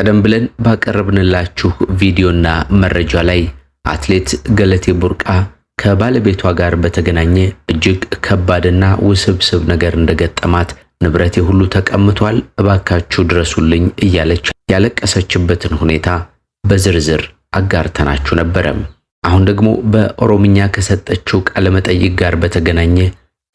ቀደም ብለን ባቀረብንላችሁ ቪዲዮና መረጃ ላይ አትሌት ገለቴ ቡርቃ ከባለቤቷ ጋር በተገናኘ እጅግ ከባድና ውስብስብ ነገር እንደገጠማት ንብረቴ ሁሉ ተቀምቷል፣ እባካችሁ ድረሱልኝ እያለች ያለቀሰችበትን ሁኔታ በዝርዝር አጋርተናችሁ ነበረም። አሁን ደግሞ በኦሮምኛ ከሰጠችው ቃለ መጠይቅ ጋር በተገናኘ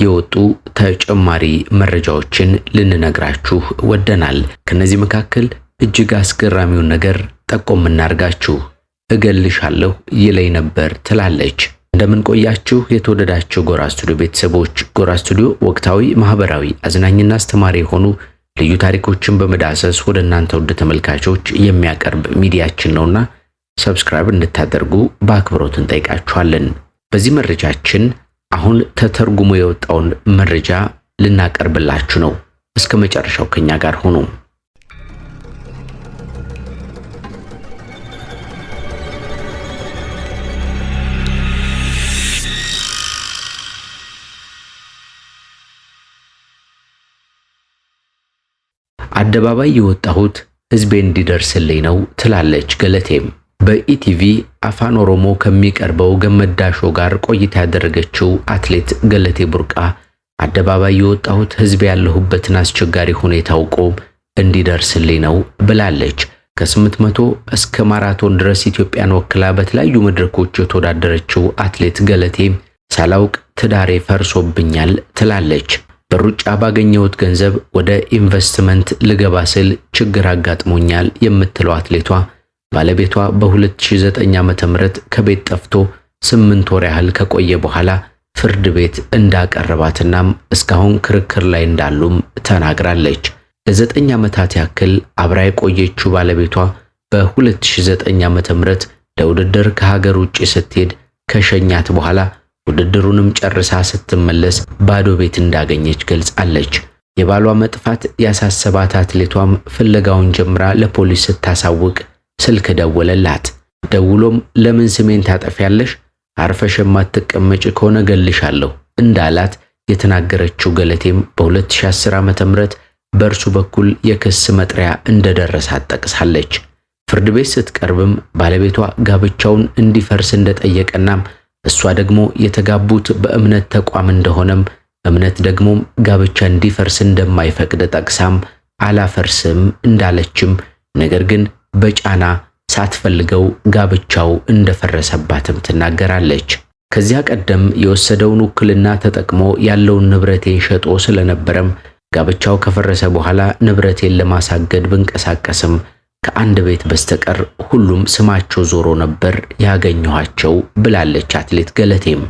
የወጡ ተጨማሪ መረጃዎችን ልንነግራችሁ ወደናል። ከነዚህ መካከል እጅግ አስገራሚውን ነገር ጠቆም እናርጋችሁ። እገልሻለሁ ይለኝ ነበር ትላለች። እንደምን ቆያችሁ የተወደዳችሁ ጎራ ስቱዲዮ ቤተሰቦች። ጎራ ስቱዲዮ ወቅታዊ፣ ማህበራዊ፣ አዝናኝና አስተማሪ የሆኑ ልዩ ታሪኮችን በመዳሰስ ወደ እናንተ ውድ ተመልካቾች የሚያቀርብ ሚዲያችን ነውና ሰብስክራይብ እንድታደርጉ በአክብሮት እንጠይቃችኋለን። በዚህ መረጃችን አሁን ተተርጉሞ የወጣውን መረጃ ልናቀርብላችሁ ነው። እስከ መጨረሻው ከኛ ጋር ሆኑ። አደባባይ የወጣሁት ህዝቤ እንዲደርስልኝ ነው ትላለች ገለቴም። በኢቲቪ አፋን ኦሮሞ ከሚቀርበው ገመዳሾ ጋር ቆይታ ያደረገችው አትሌት ገለቴ ቡርቃ አደባባይ የወጣሁት ህዝብ ያለሁበትን አስቸጋሪ ሁኔታ አውቆ እንዲደርስልኝ ነው ብላለች። ከ ከ800 እስከ ማራቶን ድረስ ኢትዮጵያን ወክላ በተለያዩ መድረኮች የተወዳደረችው አትሌት ገለቴ ሳላውቅ ትዳሬ ፈርሶብኛል ትላለች። በሩጫ ባገኘሁት ገንዘብ ወደ ኢንቨስትመንት ልገባ ስል ችግር አጋጥሞኛል የምትለው አትሌቷ ባለቤቷ በ2009 ዓ.ም ከቤት ጠፍቶ ስምንት ወር ያህል ከቆየ በኋላ ፍርድ ቤት እንዳቀረባትናም እስካሁን ክርክር ላይ እንዳሉም ተናግራለች። ለዘጠኝ ዓመታት ያክል አብራ የቆየችው ባለቤቷ በ2009 ዓ.ም ለውድድር ከሀገር ውጭ ስትሄድ ከሸኛት በኋላ ውድድሩንም ጨርሳ ስትመለስ ባዶ ቤት እንዳገኘች ገልጻለች። የባሏ መጥፋት ያሳሰባት አትሌቷም ፍለጋውን ጀምራ ለፖሊስ ስታሳውቅ ስልክ ደወለላት። ደውሎም ለምን ስሜን ታጠፊያለሽ? አርፈሽ የማትቀመጭ ከሆነ ገልሻለሁ እንዳላት የተናገረችው ገለቴም በ2010 ዓ.ም በእርሱ በኩል የክስ መጥሪያ እንደደረሳት ጠቅሳለች። ፍርድ ቤት ስትቀርብም ባለቤቷ ጋብቻውን እንዲፈርስ እንደጠየቀናም እሷ ደግሞ የተጋቡት በእምነት ተቋም እንደሆነም እምነት ደግሞ ጋብቻ እንዲፈርስ እንደማይፈቅድ ጠቅሳም አላፈርስም እንዳለችም ነገር ግን በጫና ሳትፈልገው ጋብቻው እንደፈረሰባትም ትናገራለች። ከዚያ ቀደም የወሰደውን ውክልና ተጠቅሞ ያለውን ንብረቴን ሸጦ ስለነበረም ጋብቻው ከፈረሰ በኋላ ንብረቴን ለማሳገድ ብንቀሳቀስም ከአንድ ቤት በስተቀር ሁሉም ስማቸው ዞሮ ነበር ያገኘኋቸው ብላለች አትሌት ገለቴም።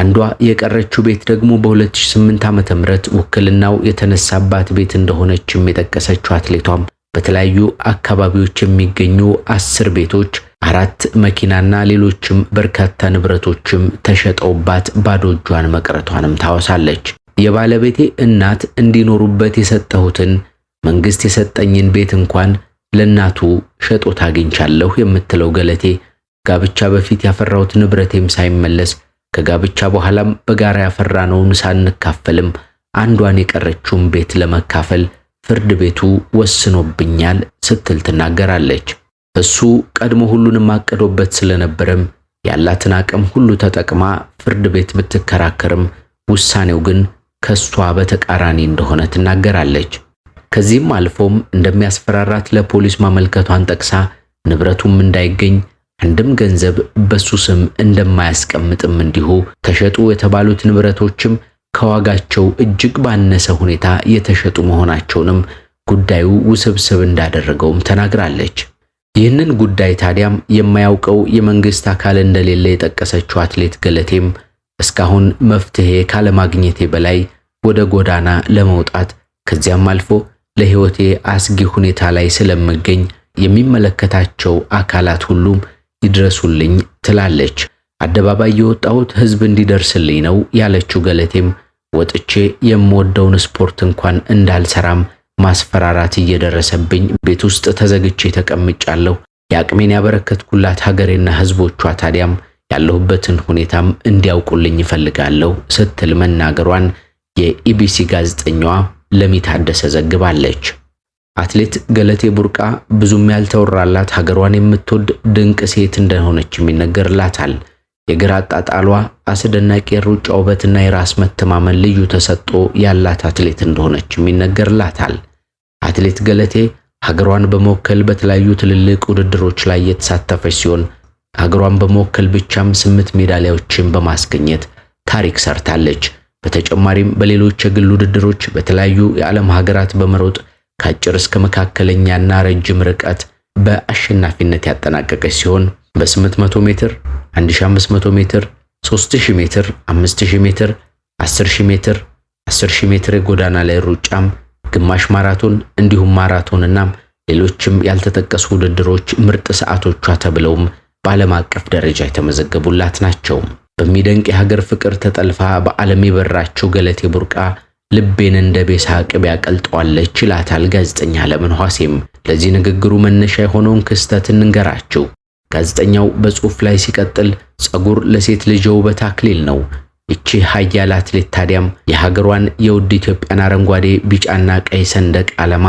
አንዷ የቀረችው ቤት ደግሞ በ2008 ዓ.ም ውክልናው የተነሳባት ቤት እንደሆነችም የጠቀሰችው አትሌቷም በተለያዩ አካባቢዎች የሚገኙ አስር ቤቶች አራት መኪናና ሌሎችም በርካታ ንብረቶችም ተሸጠውባት ባዶ እጇን መቅረቷንም ታወሳለች። የባለቤቴ እናት እንዲኖሩበት የሰጠሁትን መንግስት የሰጠኝን ቤት እንኳን ለእናቱ ሸጦት አግኝቻለሁ የምትለው ገለቴ ጋብቻ በፊት ያፈራሁት ንብረቴም ሳይመለስ ከጋብቻ በኋላም በጋራ ያፈራነውን ሳንካፈልም አንዷን የቀረችውን ቤት ለመካፈል ፍርድ ቤቱ ወስኖብኛል ስትል ትናገራለች። እሱ ቀድሞ ሁሉንም አቅዶበት ስለነበረም ያላትን አቅም ሁሉ ተጠቅማ ፍርድ ቤት ብትከራከርም ውሳኔው ግን ከሷ በተቃራኒ እንደሆነ ትናገራለች። ከዚህም አልፎም እንደሚያስፈራራት ለፖሊስ ማመልከቷን ጠቅሳ ንብረቱም እንዳይገኝ አንድም ገንዘብ በሱ ስም እንደማያስቀምጥም እንዲሁ ተሸጡ የተባሉት ንብረቶችም ከዋጋቸው እጅግ ባነሰ ሁኔታ የተሸጡ መሆናቸውንም ጉዳዩ ውስብስብ እንዳደረገውም ተናግራለች። ይህንን ጉዳይ ታዲያም የማያውቀው የመንግስት አካል እንደሌለ የጠቀሰችው አትሌት ገለቴም እስካሁን መፍትሄ ካለማግኘቴ በላይ ወደ ጎዳና ለመውጣት ከዚያም አልፎ ለሕይወቴ አስጊ ሁኔታ ላይ ስለምገኝ የሚመለከታቸው አካላት ሁሉም ይድረሱልኝ ትላለች። አደባባይ የወጣሁት ሕዝብ እንዲደርስልኝ ነው ያለችው ገለቴም ወጥቼ የምወደውን ስፖርት እንኳን እንዳልሰራም ማስፈራራት እየደረሰብኝ ቤት ውስጥ ተዘግቼ ተቀምጫለሁ። የአቅሜን ያበረከትኩላት ሀገሬና ሕዝቦቿ ታዲያም ያለሁበትን ሁኔታም እንዲያውቁልኝ ይፈልጋለሁ ስትል መናገሯን የኢቢሲ ጋዜጠኛዋ ለሚታደሰ ዘግባለች። አትሌት ገለቴ ቡርቃ ብዙም ያልተወራላት ሀገሯን የምትወድ ድንቅ ሴት እንደሆነችም ይነገርላታል። የግራ አጣጣሏ፣ አስደናቂ የሩጫ ውበትና የራስ መተማመን ልዩ ተሰጥኦ ያላት አትሌት እንደሆነችም ይነገርላታል። አትሌት ገለቴ ሀገሯን በመወከል በተለያዩ ትልልቅ ውድድሮች ላይ የተሳተፈች ሲሆን ሀገሯን በመወከል ብቻም ስምንት ሜዳሊያዎችን በማስገኘት ታሪክ ሰርታለች። በተጨማሪም በሌሎች የግል ውድድሮች በተለያዩ የዓለም ሀገራት በመሮጥ ከአጭር እስከ መካከለኛና ረጅም ርቀት በአሸናፊነት ያጠናቀቀች ሲሆን በ800 ሜትር፣ 1500 ሜትር፣ 3000 ሜትር፣ 5000 ሜትር፣ 10000 ሜትር፣ 10000 ሜትር የጎዳና ላይ ሩጫም፣ ግማሽ ማራቶን እንዲሁም ማራቶንና ሌሎችም ያልተጠቀሱ ውድድሮች ምርጥ ሰዓቶቿ ተብለውም በዓለም አቀፍ ደረጃ የተመዘገቡላት ናቸው። በሚደንቅ የሀገር ፍቅር ተጠልፋ በዓለም የበራችው ገለቴ ቡርቃ ልቤን እንደ ቤሳ ቅቤ ያቀልጠዋለች ይላታል ጋዜጠኛ ለምን ኋሴም። ለዚህ ንግግሩ መነሻ የሆነውን ክስተት እንንገራችሁ። ጋዜጠኛው በጽሑፍ ላይ ሲቀጥል ጸጉር ለሴት ልጅ የውበት አክሊል ነው። ይቺ ሀያል አትሌት ታዲያም የሀገሯን የውድ ኢትዮጵያን አረንጓዴ ቢጫና ቀይ ሰንደቅ ዓላማ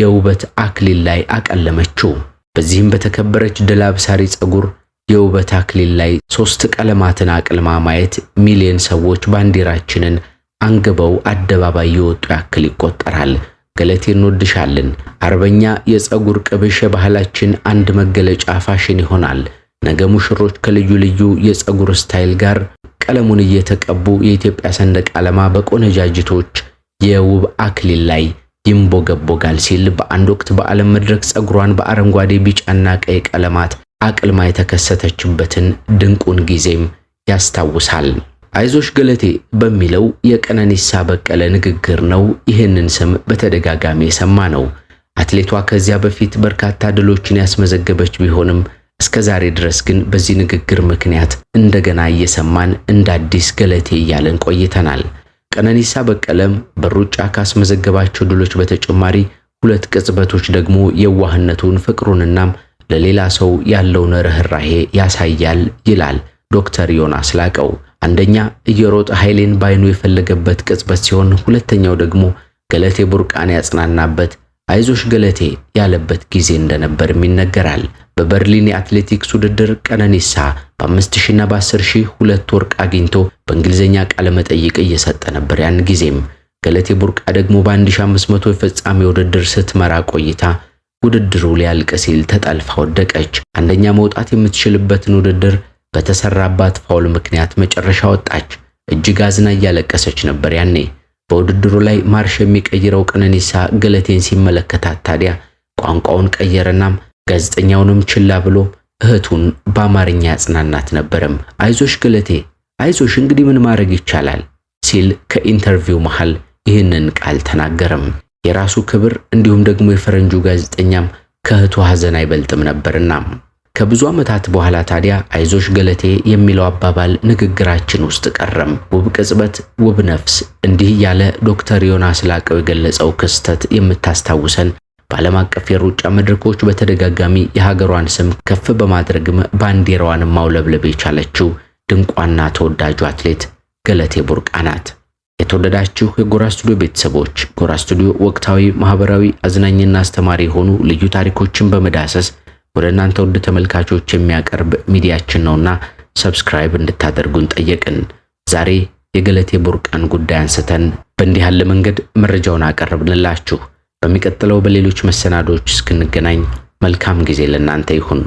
የውበት አክሊል ላይ አቀለመችው። በዚህም በተከበረች ድል አብሳሪ ጸጉር የውበት አክሊል ላይ ሶስት ቀለማትን አቅልማ ማየት ሚሊዮን ሰዎች ባንዲራችንን አንግበው አደባባይ የወጡ ያክል ይቆጠራል። ገለቴ እንወድሻለን። አርበኛ የፀጉር ቅብሽ የባህላችን አንድ መገለጫ ፋሽን ይሆናል። ነገ ሙሽሮች ከልዩ ልዩ የፀጉር ስታይል ጋር ቀለሙን እየተቀቡ የኢትዮጵያ ሰንደቅ ዓላማ በቆነጃጅቶች የውብ አክሊል ላይ ይንቦገቦጋል ሲል በአንድ ወቅት በዓለም መድረክ ፀጉሯን በአረንጓዴ ቢጫና ቀይ ቀለማት አቅልማ የተከሰተችበትን ድንቁን ጊዜም ያስታውሳል። አይዞሽ ገለቴ በሚለው የቀነኒሳ በቀለ ንግግር ነው ይህንን ስም በተደጋጋሚ የሰማ ነው። አትሌቷ ከዚያ በፊት በርካታ ድሎችን ያስመዘገበች ቢሆንም እስከ ዛሬ ድረስ ግን በዚህ ንግግር ምክንያት እንደገና እየሰማን እንደ አዲስ ገለቴ እያለን ቆይተናል። ቀነኒሳ በቀለም በሩጫ ካስመዘገባቸው ድሎች በተጨማሪ ሁለት ቅጽበቶች ደግሞ የዋህነቱን ፍቅሩንናም ለሌላ ሰው ያለውን ርኅራሄ ያሳያል ይላል ዶክተር ዮናስ ላቀው። አንደኛ እየሮጠ ኃይሌን ባይኑ የፈለገበት ቅጽበት ሲሆን፣ ሁለተኛው ደግሞ ገለቴ ቡርቃን ያጽናናበት አይዞሽ ገለቴ ያለበት ጊዜ እንደነበርም ይነገራል። በበርሊን የአትሌቲክስ ውድድር ቀነኒሳ በ5000ና በ10000 ሁለት ወርቅ አግኝቶ በእንግሊዝኛ ቃለ መጠይቅ እየሰጠ ነበር። ያን ጊዜም ገለቴ ቡርቃ ደግሞ በ1500 የፍጻሜ ውድድር ስትመራ ቆይታ ውድድሩ ሊያልቅ ሲል ተጠልፋ ወደቀች። አንደኛ መውጣት የምትችልበትን ውድድር በተሰራባት ፋውል ምክንያት መጨረሻ ወጣች። እጅግ አዝና እያለቀሰች ነበር ያኔ። በውድድሩ ላይ ማርሽ የሚቀይረው ቀነኒሳ ገለቴን ሲመለከታት ታዲያ ቋንቋውን ቀየረናም ጋዜጠኛውንም ችላ ብሎ እህቱን በአማርኛ ያጽናናት ነበረም። አይዞሽ ገለቴ አይዞሽ፣ እንግዲህ ምን ማድረግ ይቻላል ሲል ከኢንተርቪው መሃል ይህንን ቃል ተናገረም። የራሱ ክብር እንዲሁም ደግሞ የፈረንጁ ጋዜጠኛም ከእህቱ ሐዘን አይበልጥም ነበርና ከብዙ ዓመታት በኋላ ታዲያ አይዞሽ ገለቴ የሚለው አባባል ንግግራችን ውስጥ ቀረም። ውብ ቅጽበት ውብ ነፍስ እንዲህ ያለ ዶክተር ዮናስ ላቀው የገለጸው ክስተት የምታስታውሰን በዓለም አቀፍ የሩጫ መድረኮች በተደጋጋሚ የሀገሯን ስም ከፍ በማድረግም ባንዲራዋን ማውለብለብ የቻለችው ድንቋና ተወዳጁ አትሌት ገለቴ ቡርቃ ናት። የተወደዳችሁ የጎራ ስቱዲዮ ቤተሰቦች ጎራ ስቱዲዮ ወቅታዊ፣ ማህበራዊ፣ አዝናኝና አስተማሪ የሆኑ ልዩ ታሪኮችን በመዳሰስ ወደ እናንተ ውድ ተመልካቾች የሚያቀርብ ሚዲያችን ነውና ሰብስክራይብ እንድታደርጉን ጠየቅን። ዛሬ የገለቴ ቡርቃን ጉዳይ አንስተን በእንዲህ ያለ መንገድ መረጃውን አቀረብንላችሁ። በሚቀጥለው በሌሎች መሰናዶች እስክንገናኝ መልካም ጊዜ ለእናንተ ይሁን።